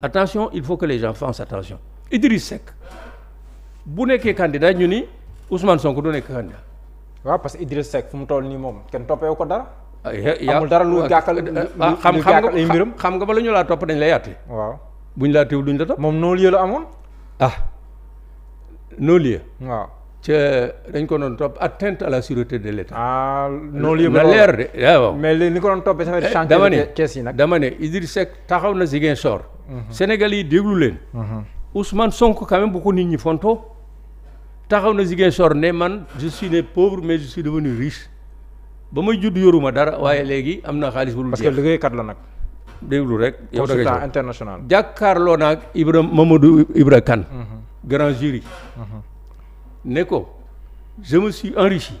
attention il faut que les gens fassent attention Idriss Seck bu nekkee candidat ñu ni Ousmane Sonko du nekk candidat. waaw parce que Idriss Seck fu mu toll nii moom kenn toppeewu ko dara. Ah, amul dara lu gàkkal ah, lu ah, gàkkal ay mbiram xam nga ba la ñu laa topp dañ la àtte. waaw buñ laa teew duñ la topp. moom non-lieu la amoon. ah non-lieu. waaw ca dañ ko doon topp atteinte à la sûreté de l'État. ah non-lieu ba leer mais waaw. li ko doon toppee ça fait changer kees yi nag. dama ne Idriss Seck taxaw na Ziguinchor. Sénégalais yi déglu leen. Ousmane Sonko quand même bu ko nit ñi fonto taxaw na Ziguinchor ne man je suis né pauvre mais je suis riche ba may judd yoruma dara waaye léegi am na xaalis bu dul jeex. parce que liggéeykat la nag. déglu rek. yow da nga international. jàkkaarloo naag Ibrahima Mamadou Ibra Kane. Mhm. grand jury. Mhm. ne ko je me suis enrichi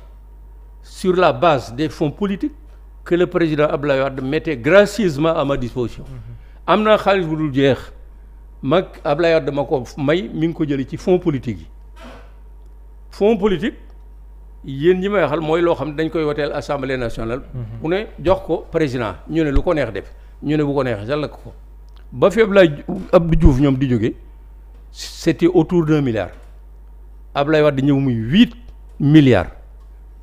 sur la base des fonds politiques que le président Abdoulaye Wade mettait gracieusement à ma disposition. Mm -hmm. am na xaalis bu dul jeex mag Ablaye Wade dama ko may mi ngi ko jëlee ci fonds politique yi fonds politique yéen ñi may waxal mooy loo xam ne dañ koy woteel assemblée nationale. bu mhm. ne jox ko président ñu ne lu ko neex def ñu ne bu ko neex jàll ko. ba fi Ablaye Abdou Diouf ñoom di jóge c'était autour d'un milliard Ablaye Wade ñëw muy huit milliards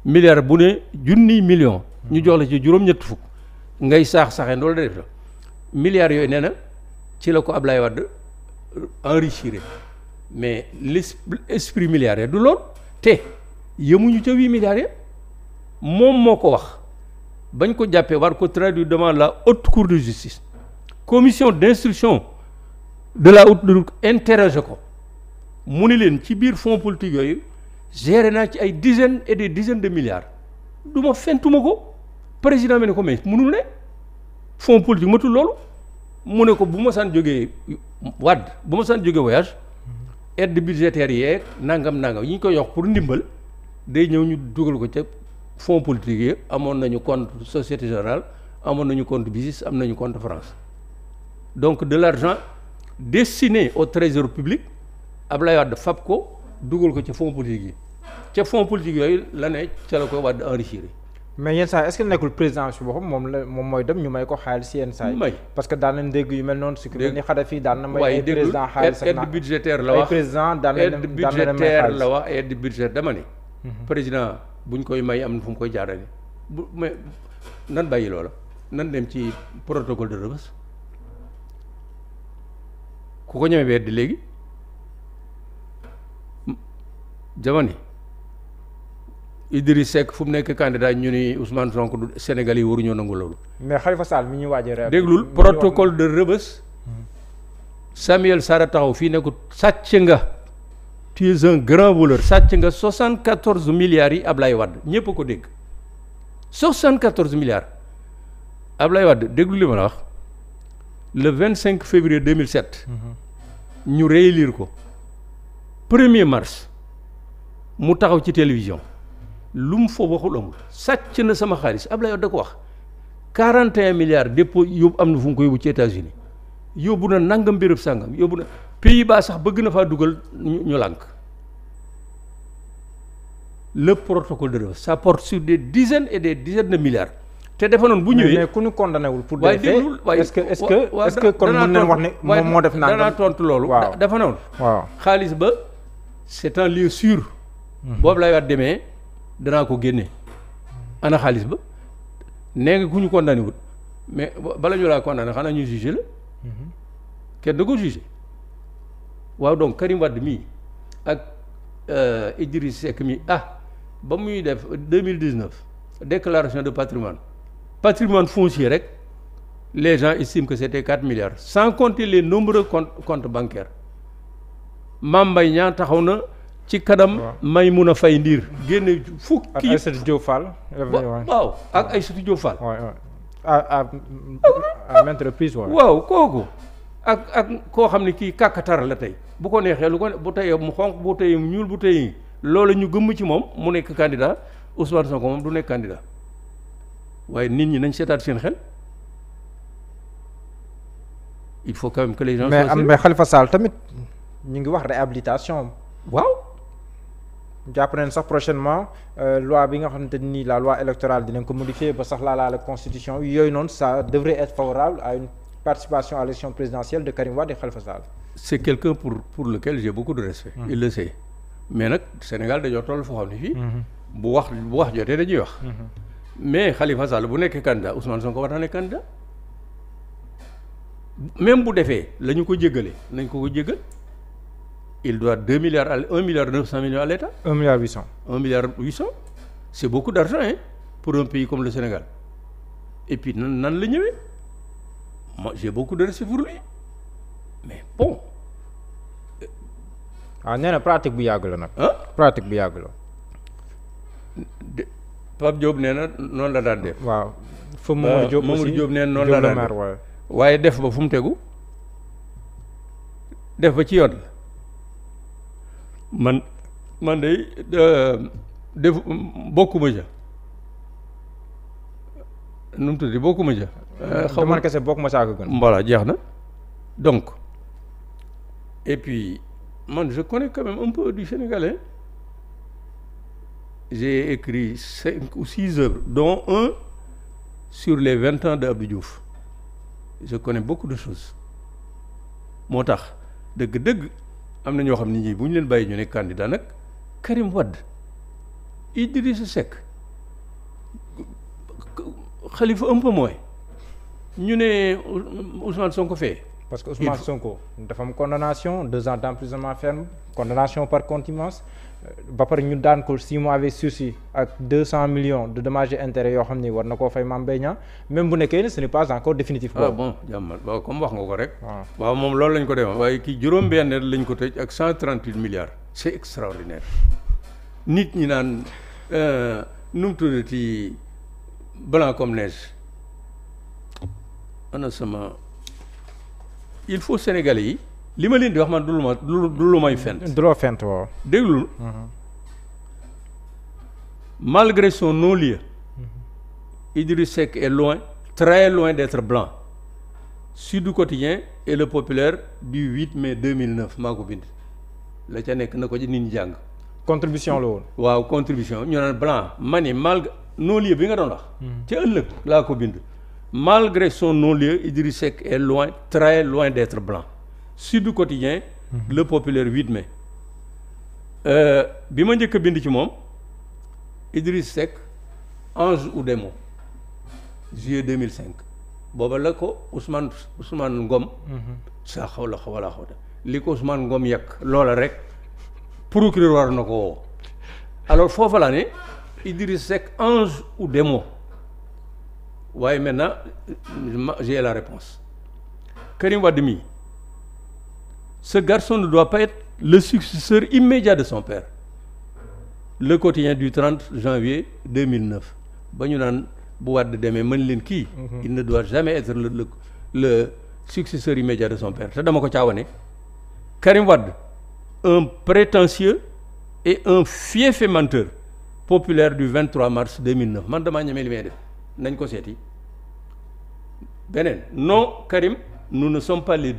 milliard bu ne junniy million ñu mhm. jox la ci juróom-ñett fukk ngay saax saxee loolu def la milliards yooyu nee na ci la ko ab Ablaye Wade enrichir mais les l'esprit milliardaire du lool te yemuñu ca huit milliards ya moom moo ko wax bañ ko jàppee war ko traduire devant la haute cour de justice commission d'instruction de la haute cour interroge ko mu ni leen ci biir fonds politique yooyu géré naa ci ay dizaines et des dizaines de milliards du ma fentuma ko président bi ne ko mais mënul ne fond politique matul loolu mu ne ko bu ma saan jógee wadd bu ma saan jógee voyage aide budgétaire yeeg nangam nangam yi ñu koy yox pour ndimbal day ñëw ñu dugal ko ca fonds politique yi amoon nañu compte société générale amoon nañu compte BICIS am nañu compte France donc de l'argent destiné au trésor public Ablaye Wade fab ko dugal ko ca fonds politique yi ca fonds politique yooyu la ne ca la ko Wade enrichir mais yenn saa yi est-ce que nekkul président si boppam moom la moom mooy dem ñu may ko xaalis si yenn saa yi. parce que daan nañ dégg yu mel noonu. dégg ni Xadafi daan na may. ay président xaalis ak aide budgétaire la wax président daan nañ aide budgétaire la wax aide budgétaire dama ne. Mhm. président buñ koy may am fu mu koy jaarale. bu mais nan bàyyi loola nan dem ci protocole de Rebeuss ku ko ñemee weddi léegi jamono. Idriss Seck fu mu nekk candidat ñu ni Ousmane Sonko du Sénégal yi waruñoo nangu loolu. mais Khalifa Sall mi ñu waaj déglul protocole de Rebeuss. Hmm. Samuel Sarr taxaw fii ne ko sàcc nga. tu es un grand voleur sàcc nga 74 milliards yi ab lay Wade ñëpp a ko dégg 74 milliards Ablaye Wade déglu li ma la wax le 25 février 2007. Hmm. ñu réélire ko 1er mars mu taxaw ci télévision. lu mu foofu waxul amul sàcc na sama xaalis Ablaye Wade da ko wax 41 milliards dépôt yóbbu am na fu mu ko yóbbu ci États-Unis yóbbu na nangam béréb sàngam yóbbu na pays baa sax bëgg na faa dugal ñu lànk le protocole de Revers ça porte sur des dizaines et des dizaines de milliards. te defe noonu bu ñëwee mais ku ñu condamné wul pour des faits waaye est-ce que est-ce que est-ce danaa tontu loolu. waaw dafa noonu. xaalis ba c'est un lieu sûr. Hmm. boobu lay waat danaa ko génne ana xaalis ba nee nga ku ñu condamné wut mais bala ñu laa condamné xanaa ñu jugé la kenn da ko jugé waaw donc Karim Wade mii ak euh, Idriss Seck mii ah ba muy def deux mille dix neuf déclaration de patrimoine patrimoine foncier rek les gens estiment que c'était quatre milliards cent compter les nombreux comptes comptes bancaires Mame Mbaye Niang taxaw na ci kanam Maymuna Fay Ndiir génne fukki ak Aïssatou Diop Fall waaw ak ay Diop Fall à maintes waaw kooku ak ak koo xam ne kii kàkkatar la tey bu ko neexee lu ko bu teyee mu xonq bu teyee ñuul bu teyee loolu ñu gëmm ci moom mu nekk candidat Ousmane Sonko moom du nekk candidat waaye nit ñi nañ seetaat seen xel il faut que les gens mais am mais Khalifa Sall tamit ñu ngi wax réhabilitation waaw jàpp nañ sax prochainement euh, loi bi nga xamante ni la loi électorale dinañ ko modifier ba sax laa la constitution yooyu noonu ça devrait être favorable à une participation à l'élection présidentielle de Karim Wade et Khalifa Sall. c'est quelqu'un pour pour lequel j'ai beaucoup de respect. il sait mais nag Sénégal dañoo toll foo xam ne fii. bu wax bu wax jotee dañuy wax. mais Khalifa Sall bu nekkee candidat Ousmane Sonko war naa nekk candidat même bu defee la ñu ko jéggalee il doit deux milliards à un milliard neuf cent millions à l'État. un milliard huit cent. un milliard huit cent c'est beaucoup d'argent hein pour un pays comme le Sénégal et puis nan nan la ñëwee moi j'ai beaucoup de respect pour lui mais bon. ah nee na pratique bu yàgg la nag. pratique bu yàgg la. Pape Diop nee na noonu la daan def. waaw fa Mamadou euh, Diop aussi Mamadou Diop nee na noonu la daan def waaye def ba fu mu tegu def ba ci yoon la. man man day def bokkuma ja nu mu tuddi bokkuma euh, xaw ma kese bokkuma saa ko gën voilà jeex na donc et puis man je connais quand même un peu du sénégalais j'ai cinq ou six œuvres dont un sur les vingt ans de Abdou Diouf je connais beaucoup de choses moo tax dëgg-dëgg am na ñoo xam ne ñii bu ñu leen bàyyi ñu ne candidat nag Karim Wade Idrissa Seck Khalifa un peu moins ñu ne Ousmane Sonko fee. parce que Ousmane Sonko dafa am condamnation deux ans d'emprisonnement ferme condamnation par contumace ba pare ñu daan ko six mois avec sursis ak deux cent millions de dommages et yoo xam ni war na koo fay maam Mbaye Niang même bu nekkee ne ce n'est pas encore définitif. ah bon jàmmal waaw comme wax nga ko rek. Ah. waaw moom lool lañ ko defoon waaye kii juróom-benn lañ ko tëj ak cent trente huit milliards. c'est extraordinaire nit ñi naan euh, nu mu tuddati blanc comme neige ana sama il faut Sénégalais yi. li ma leen di wax man du lu ma du lu may fent. du loo fent waaw. déglul mhm. malgré son non-lieu. Mhm. Idriss Seck loin très loin d'être blanc. Sud Quotidien et Le Populaire bi huit mais 2009 maa ko bind. la ca nekk na ko nit ñi jàng. contribution la woon. waaw contribution ñu naan blanc ma ni malgré non bi nga doon wax. Mhm. ca ëllëg laa ko bind. malgré son non-lieu Idriss Seck loin très loin d'être blanc. Sud Quotidien mhm. Le Populaire 8 mai euh, bi ma njëkk a bind ci moom idris Seck ange ou démon juillet cinq booba la ko Ousmane Ousmane Ngom mhm. sa xaw la xaw la xaw li ko Ousmane Ngom yàq loola rek procureur war na ko woo alors foofa laa ne Idriss Seck ange ou démon waaye maintenant j'ai la réponse Karim Wade mii ce garçon ne doit pas être le successeur immédiat de son père le quotidien du 30 janvier 2009 ba ñu naan bu Wade demee mën leen kii. Mhm. il ne doit jamais être le le le successeur immédiat de son père te dama ko caawane Karim Wade un prétentieux et un fieffé menteur populaire du 23 mars 2009 man damaa ñeme li may def nañ ko seeti beneen non Karim nu ne sommes pas les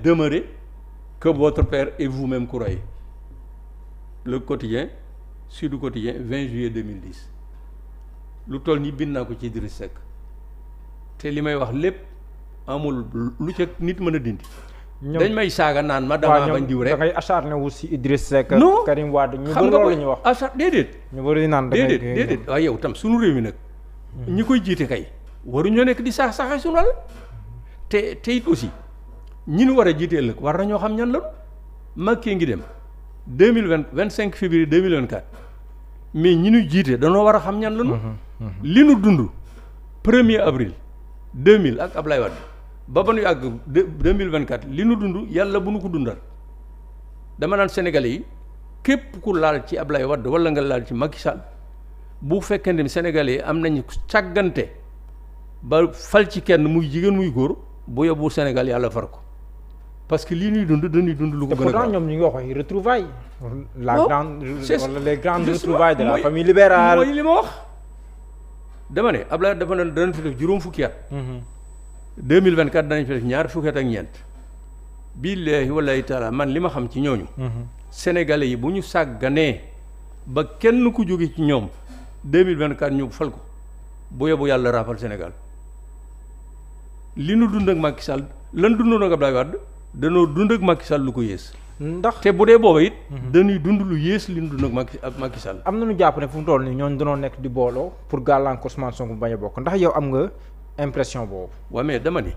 que votre père et vous-même croyez le quotidien Sud Quotidien 20 juillet 2010 lu toll ni bind naa ko ci Idriss Seck te li may wax lépp amul lu ca nit mën a dindi. dañ may saaga naan ma damaa bañ diw rek da ngay acharné wu si Idriss Seck. Karim ñu bëri loolu la ñuy wax achar déedéet. ñu bëri naan da déedéet waaye yow tam sunu réew mi nag. ñi hmm. koy jiite kay waruñoo nekk di saax saaxee sunu wàll te te it aussi. ñi ñu war a jiitee ëllëg war na ñoo xam ñan la Macky ngi dem deux mille vingt vingt cinq février deux mille vingt quatre mais ñi ñu jiite danoo war a xam ñan la mhm, mhm. li ñu dund premier avril deux mille ak Ablaye Wade ba ba nu yàgg deux mille vingt quatre li nu dund yàlla bu nu ko dundal dama naan sénégalais yi képp ku laal ci Ablaye Wade wala nga laal ci Macky Sall bu fekkente ni sénégalais yi am nañu càggante ba fal ci kenn muy jigéen muy góor bu yóbbu Sénégal yàlla far ko parce que lii ñuy dund dañuy dund lu ko gën a pourtant ñoom ñu ngi wax ay retrouvailles la la famille libérale mooy li ma wax dama ne Abdoulaye dafa ne danañ fi fukki mhm. ñaar fukki ak ñeent billaahi wallaahi taala man li ma xam ci ñooñu mhm. sénégalais yi bu ñu sàgganee ba kenn ku jóge ci ñoom 2024 ñu fal ko bu yóbbu yàlla raafal Sénégal li nu dund ak Macky lan dundoon ak Abdoulaye Wade danoo dund ak Macky lu ko yées. ndax te bu dee booba it. dañuy dund lu yées li ñu dund ak Macky ak am na ñu jàpp ne fu mu toll nii ñooñu danoo nekk di booloo pour gàllankoor Ousmane Sonko bañ a bokk ndax yow am nga impression boobu. waaw mais dama ni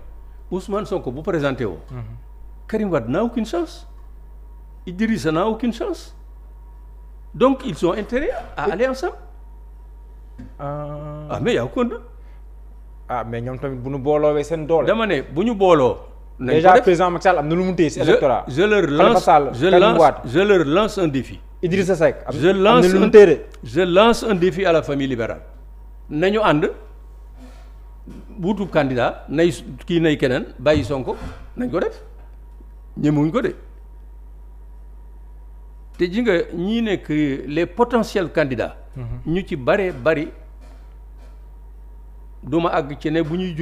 Ousmane Sonko bu présenté woo. Mhm. Karim Wade n'a aucune chance Idrissa n'a aucune chance donc ils ont intérêt à ah. aller ensemble. Euh. ah mais yaa ko ah mais ñoom tamit bu ñu booloowee seen doole. dama ne bu ñu booloo. na lu mu téye si électorat. je leur lance je lance je leur lance un défi. Idrissa Seck na nañu ànd wutub candidat nay kii nay keneen bàyyi Sonko nañ ko def ñemewuñ ko de te ji nga ñii nekk les potentiels candidats. Mhm. ñu ci bare bari duma àgg ci ne bu ñuy.